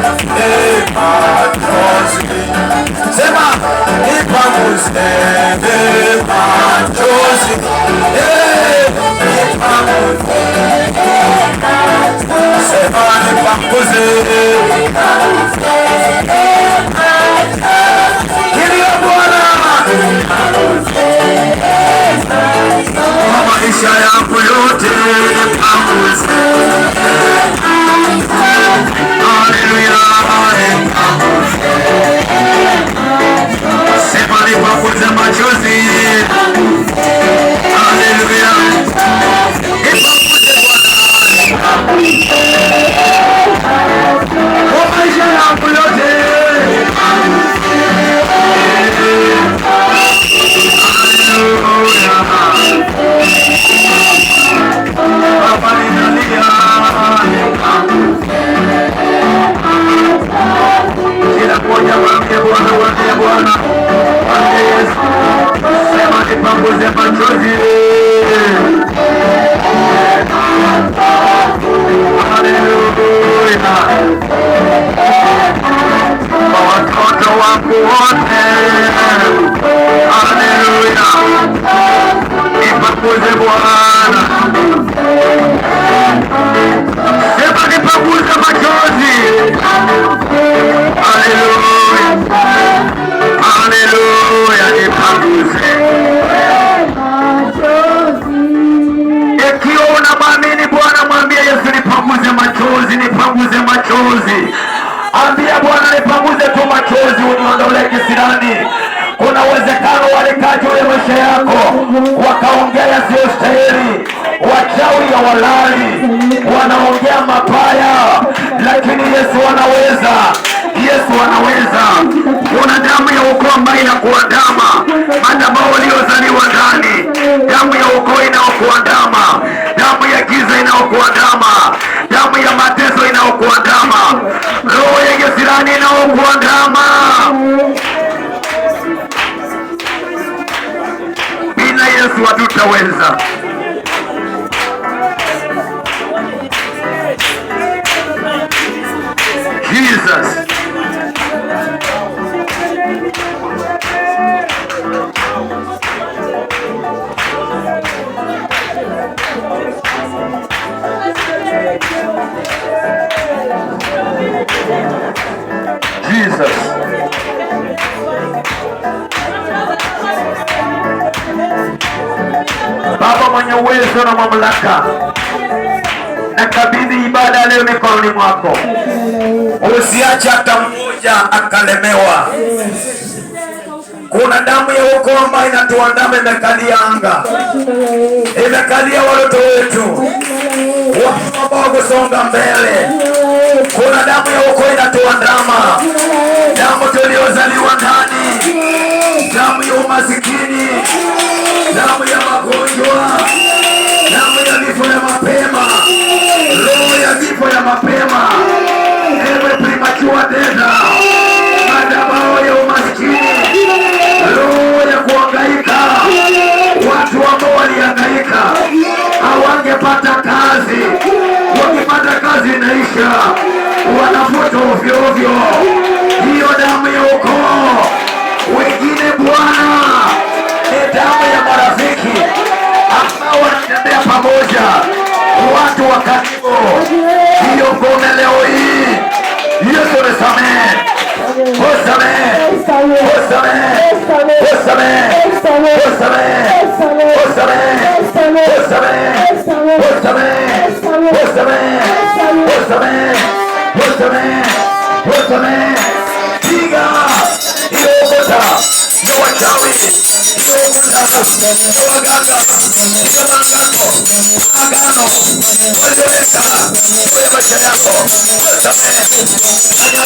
machozi, sema maisha yangu yote tukuze Bwana. Sema nipanguza machozi. Haleluya, haleluya, nipanguze. Ikiwa unamwamini Bwana, mwambie Yesu, nipanguze machozi, nipanguze machozi. Ambia Bwana, nipanguze tu machozi, uniondolee kisirani. Kuna uwezekano walikati ule maisha yako hawalali, wanaongea mabaya, lakini Yesu anaweza, Yesu anaweza. Kuna damu ya ukoo ambayo inakuandama, ambao waliozaliwa ndani, damu ya ukoo inaokuandama damu ya giza inayokuandama, damu ya mateso inaokuandama roho ya inaokuandama inayokuandama Yesu hatutaweza. Baba mwenye uwezo na mamlaka, nakabidhi ibada leo mikononi mwako, usiache hata mmoja akalemewa. Kuna damu ya wokovu ambayo inatuandama, imekalia anga, imekalia watoto wetu, watu ambao kusonga mbele. Kuna inaisha, wanafuta ovyo ovyo hiyo damu ya ukoo. Wengine Bwana ni damu ya marafiki ambao wanatembea pamoja matangazo agano kueleweka kwenye maisha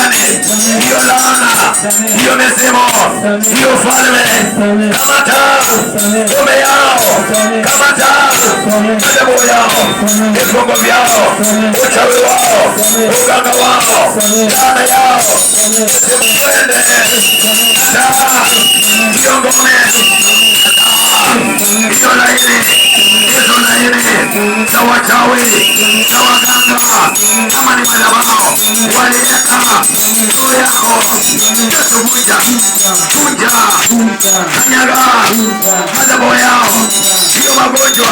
hiyo laana, hiyo mizimu, hiyo falme, kamata ngome yao, kamata madhabahu yao, vifungo vyao, uchawi wao, uganga wao, laana yao, mizimu, mwende ushauri na waganga, kama ni madhabahu waliweka juu yao tatu moja, kuja kanyaga madhabahu yao. Hiyo magonjwa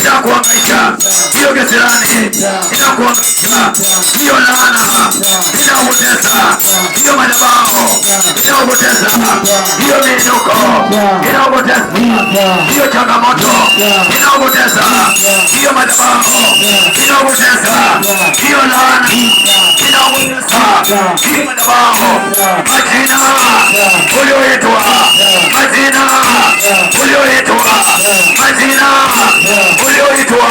inakuangaisha, hiyo gesirani inakuangaisha, hiyo laana inakuonesa, hiyo madhabahu inaopoteza hiyo miinuko, inaopoteza hiyo changamoto, inaopoteza hiyo madhabahu, inaopoteza hiyo laana, inaopoteza hiyo madhabahu, majina ulioitwa, majina ulioitwa, majina ulioitwa,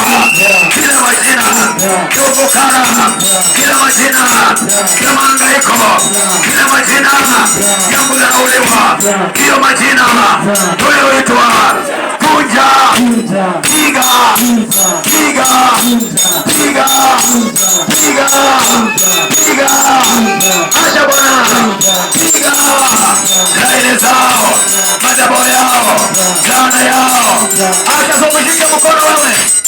kila majina kila majina ya maangaiko majina ya kudharauliwa, hiyo majina toyo witwa kuja kiga kiga kiga kiga acha Bwana kiga laile zao madhabahu yao laana yao, acha sokushika mkono wewe